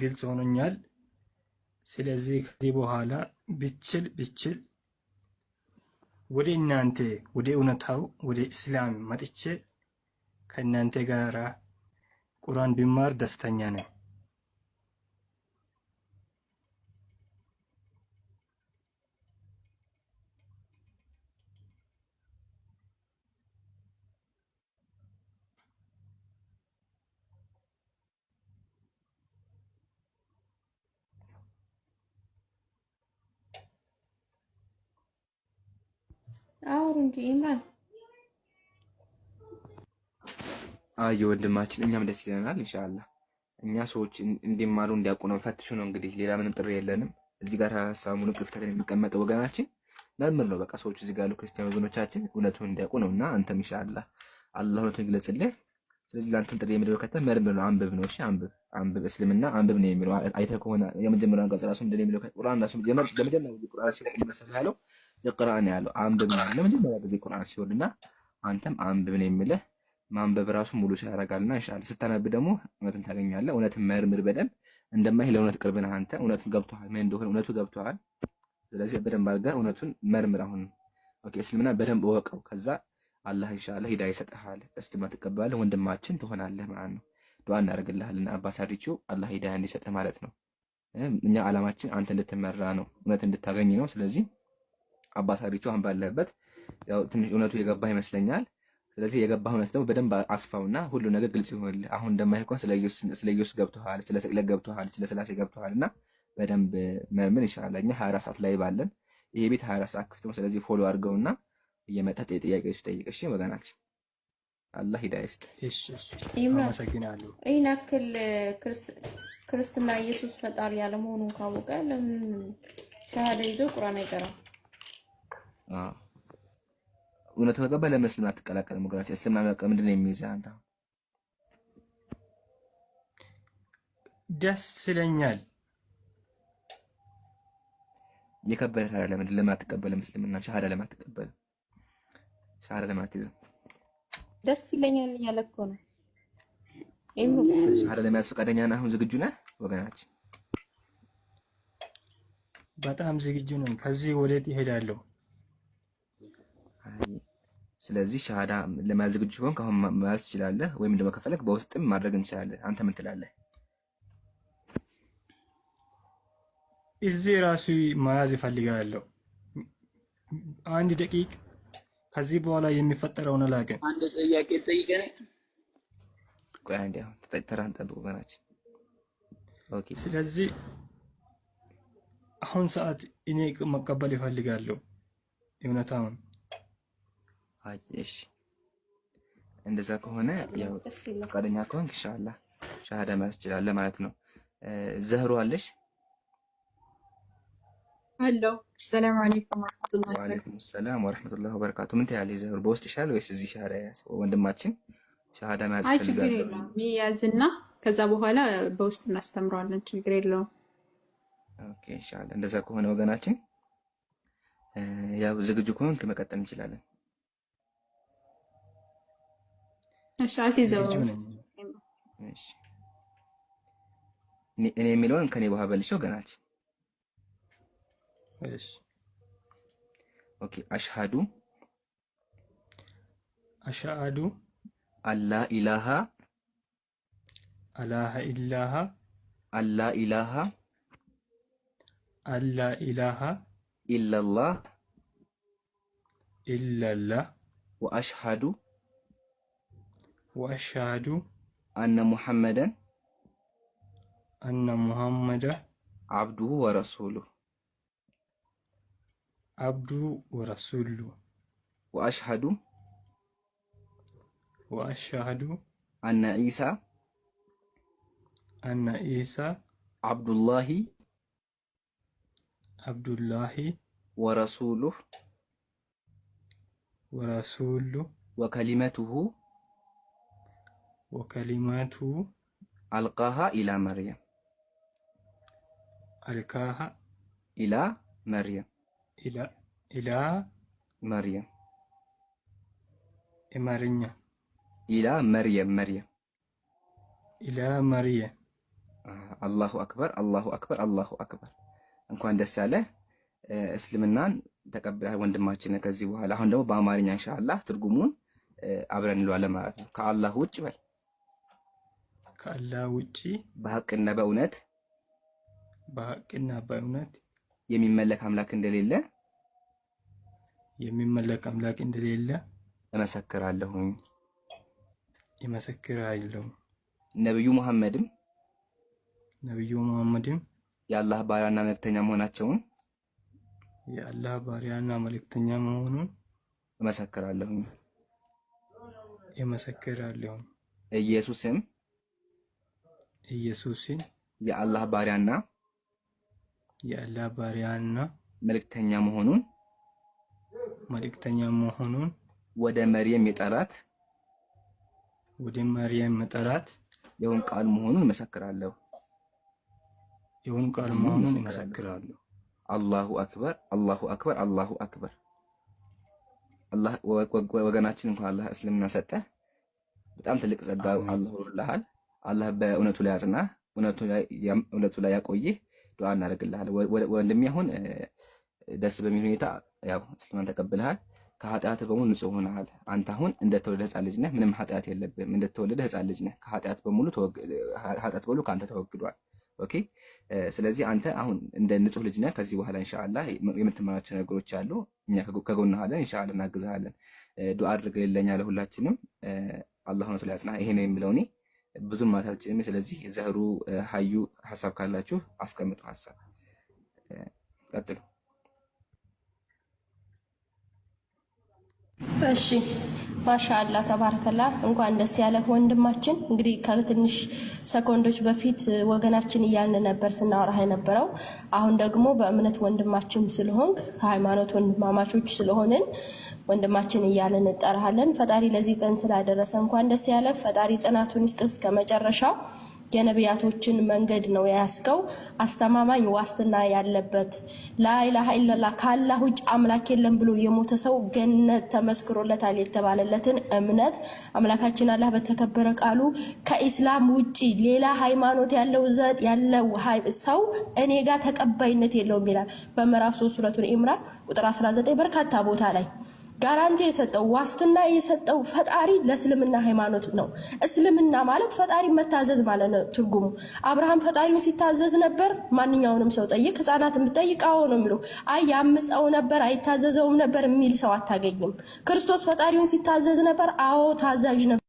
ግልጽ ሆኖኛል። ስለዚህ ከዚህ በኋላ ብችል ብችል ወደ እናንተ ወደ እውነታው ወደ እስላም መጥቼ ከእናንተ ጋር ቁርአን ቢማር ደስተኛ ነኝ። አውሩ እንጂ ኢምራን አየ ወንድማችን፣ እኛም ደስ ይለናል። ኢንሻአላህ እኛ ሰዎች እንዲማሩ እንዲያውቁ ነው ፈትሹ ነው እንግዲህ፣ ሌላ ምንም ጥሪ የለንም። እዚህ ጋር ሀሳቡን ቅፍተት የሚቀመጠው ወገናችን መምህር ነው። በቃ ሰዎች እዚህ ጋር ያሉ ክርስቲያን ወገኖቻችን እውነቱን እንዲያውቁ ነው እና አንተም ኢንሻአላህ አላህ እውነቱን ይግለጽልህ። ስለዚህ ለአንተም ጥሪ የሚደረግ ከተማ መርምር ነው፣ አንብብ ነው። እሺ አንብብ አንብብ፣ እስልምና አንብብ ነው የሚለው አይተህ ከሆነ የመጀመሪያውን ገጽ ራሱ እንደሌለው ቁርአን ራሱ ለመጀመሪያ ቁርአን ሲሆን ያለው ይቅራን ያለው አንብብ ነው። ለመጀመሪያ ጊዜ ቁርአን ሲወርድና አንተም አንብብ ነው የሚልህ ማንበብ ራሱ ሙሉ ሰው ያደርጋልና እንሻለ ስታነብ ደግሞ እውነትን ታገኛለህ። እውነትን መርምር በደንብ እንደማይህ ለእውነት ቅርብ ነህ አንተ እውነቱን ገብቶሃል፣ ምን እንደሆነ እውነቱ ገብቶሃል። ስለዚህ በደንብ አድርገህ እውነቱን መርምር። አሁን ኦኬ፣ እስልምና በደንብ እወቀው። ከዛ አላህ እንሻለ ሂዳ ይሰጥሃል፣ እስልምና ትቀበላለህ፣ ወንድማችን ትሆናለህ ማለት ነው። ዱዓ እናደርግልሃልና አባሳሪችው አላህ ሂዳ እንዲሰጥህ ማለት ነው። እኛ ዓላማችን አንተ እንድትመራ ነው፣ እውነት እንድታገኝ ነው። ስለዚህ አባሳሪቹ አሁን ባለበት ያው ትንሽ እውነቱ የገባ ይመስለኛል። ስለዚህ የገባ እውነት ደግሞ በደንብ አስፋውና ሁሉ ነገር ግልጽ ይሆንልህ። አሁን እንደማይሆን ስለ ኢየሱስ ገብቶሃል፣ ስለ ስቅለት ገብቶሃል፣ ስለ ስላሴ ገብቶሃል እና በደንብ መምን ይሻላል። እኛ 24 ሰዓት ላይ ባለን ይሄ ቤት 24 ሰዓት ክፍት ነው። ስለዚህ ፎሎ አድርገውና እየመጣ ጥያቄዎች ጠይቅ። እሺ ወገናችን አላህ ሂዳያ ይስጥ። አመሰግናለሁ። ይህን ያክል ክርስትና ኢየሱስ ፈጣሪ ያለመሆኑን ካወቀ ለምን ሻሃደ ይዞ ቁርአን አይቀራም? እውነቱ ከገባ ለምን እስልምና አትቀላቀልም? ወገናችን እስልምና ምንድን ነው የሚይዘህ አንተ? ደስ ይለኛል የከበደ ታዲያ ለምንድን ለምን አትቀበልም? እስልምና ሻሃዳ ለምን አትቀበልም? ሻሃዳ ለምን አትይዝም? ደስ ይለኛል እያለ እኮ ነው። ሻሃዳ ለመያዝ ፈቃደኛ ነህ? አሁን ዝግጁ ነህ? ወገናችን በጣም ዝግጁ ነኝ። ከዚህ ወዴት ይሄዳለሁ? ስለዚህ ሻሃዳ ለመያዝ ዝግጁ ከሆንክ አሁን መያዝ ትችላለህ፣ ወይም ደግሞ ከፈለግ በውስጥም ማድረግ እንችላለን። አንተ ምን ትላለህ? እዚህ ራሱ መያዝ ይፈልጋለሁ። አንድ ደቂቅ ከዚህ በኋላ የሚፈጠረውን አላውቅም። አንድ ጥያቄ ጠይቀን ቆይ አንዴ፣ አሁን ተጠርተራን ጠብቁ ገናችን። ኦኬ። ስለዚህ አሁን ሰዓት እኔ መቀበል ይፈልጋለሁ እውነታውን እሺ እንደዛ ከሆነ ያው ፈቃደኛ ከሆንክ ኢንሻአላ ሻሃዳ መያዝ ትችላለህ ማለት ነው። ዘህሩ አለሽ? አሎ ሰላም አለይኩም ወራህመቱላሂ ወበረካቱ። ወአለይኩም ሰላም ወራህመቱላሂ ወበረካቱ። ምን ትያለሽ ዘህሩ? በውስጥ ይሻል ወይስ እዚህ ሻሃዳ ያዝ? ወንድማችን ሻሃዳ መያዝ ይፈልጋል። ያዝና ከዛ በኋላ በውስጥ እናስተምረዋለን። ችግር የለውም። ኦኬ ኢንሻአላህ። እንደዛ ከሆነ ወገናችን ያው ዝግጁ ከሆንክ መቀጠም እንችላለን። مشروعات الزواج ماشي నేను మిలోన్ కని وهبل شو قناتي ايش اوكي اشهد اشهد ان لا اله اله الا ان لا اله ان لا اله الا الله الا الله واشهد وأشهد أن محمدا أن محمدا عبده ورسوله عبده ورسوله وأشهد وأشهد أن عيسى أن عيسى عبد الله عبد الله ورسوله ورسوله وكلمته ወከሊማቱ አልቃሃ ኢላ መርየም አልካሃ ኢላ መርየም ኢላ መርየም የማርኛ ኢላ መርየም መርየም ኢላ መርየም። አላሁ አክበር አላሁ አክበር አላሁ አክበር። እንኳን ደስ ያለ እስልምናን ተቀብለህ ወንድማችን። ከዚህ በኋላ አሁን ደግሞ በአማርኛ እንሻላ ትርጉሙን አብረን እንለዋለን ማለት ነው። ከአላህ ውጭ በል ከአላህ ውጪ በሐቅና በእውነት በሐቅና በእውነት የሚመለክ አምላክ እንደሌለ የሚመለክ አምላክ እንደሌለ እመሰክራለሁኝ እመሰክራለሁ። ነብዩ መሐመድም ነብዩ መሐመድም የአላህ ባሪያና መልእክተኛ መሆናቸውን የአላህ ባሪያና መልእክተኛ መሆኑን እመሰክራለሁኝ እመሰክራለሁ። ኢየሱስም ኢየሱስን የአላህ ባሪያና የአላህ ባሪያና መልእክተኛ መሆኑን መልእክተኛ መሆኑን ወደ መርየም የጠራት ወደ መርየም የጠራት የሆን ቃል መሆኑን መሰክራለሁ። የሆን ቃል መሆኑን መሰክራለሁ። አላሁ አክበር፣ አላሁ አክበር፣ አላሁ አክበር። አላህ ወገናችን እንኳን አላህ እስልምና ሰጠ። በጣም ትልቅ ጸጋ አላህ ወልላሃል። አላህ በእውነቱ ላይ ያጽና እውነቱ ላይ ያቆይ። ዱዓ እናደርግልሃል ወንድሜ። አሁን ደስ በሚል ሁኔታ ያው እስልማን ተቀብልሃል። ከኃጢአት በሙሉ ንጹህ ሆነሃል። አንተ አሁን እንደተወለደ ህፃን ልጅ ነህ። ምንም ኃጢአት የለብህም። እንደተወለደ ህፃን ልጅ ነህ። ከኃጢአት በሙሉ ኃጢአት በሙሉ ከአንተ ተወግዷል። ኦኬ። ስለዚህ አንተ አሁን እንደ ንጹህ ልጅ ነህ። ከዚህ በኋላ ኢንሻአላህ የምትማራቸው ነገሮች አሉ። እኛ ከጎንህ አለን። ኢንሻአላህ እናግዝሃለን። ዱዓ አድርገን ለኛ ለሁላችንም አላህ እውነቱ ላይ ያጽናህ። ይሄ ነው የምለው እኔ ብዙም ማለት አልችልም። ስለዚህ ዘህሩ ሀዩ ሀሳብ ካላችሁ አስቀምጡ። ሀሳብ ቀጥሉ። እሺ ማሻአላ ተባረከላ እንኳን ደስ ያለ ወንድማችን። እንግዲህ ከትንሽ ሰኮንዶች በፊት ወገናችን እያልን ነበር ስናወራ የነበረው። አሁን ደግሞ በእምነት ወንድማችን ስለሆን ከሃይማኖት ወንድማማቾች ስለሆንን ወንድማችን እያልን እንጠራሃለን። ፈጣሪ ለዚህ ቀን ስላደረሰ እንኳን ደስ ያለ። ፈጣሪ ጽናቱን ይስጥ እስከ መጨረሻው። የነቢያቶችን መንገድ ነው የያዝከው። አስተማማኝ ዋስትና ያለበት ላኢላሃ ኢለላ ከአላህ ውጭ አምላክ የለም ብሎ የሞተ ሰው ገነት ተመስክሮለታል የተባለለትን እምነት አምላካችን አላህ በተከበረ ቃሉ ከኢስላም ውጭ ሌላ ሃይማኖት ያለው ያለው ሰው እኔ ጋር ተቀባይነት የለውም ይላል በምዕራፍ ሶስት ሱረቱን ኢምራን ቁጥር 19 በርካታ ቦታ ላይ ጋራንቲ የሰጠው ዋስትና የሰጠው ፈጣሪ ለእስልምና ሃይማኖት ነው። እስልምና ማለት ፈጣሪ መታዘዝ ማለት ነው ትርጉሙ። አብርሃም ፈጣሪውን ሲታዘዝ ነበር። ማንኛውንም ሰው ጠይቅ፣ ህጻናትን ብጠይቅ አዎ ነው የሚሉ። አይ ያምፀው ነበር አይታዘዘውም ነበር የሚል ሰው አታገኝም። ክርስቶስ ፈጣሪውን ሲታዘዝ ነበር። አዎ ታዛዥ ነበር።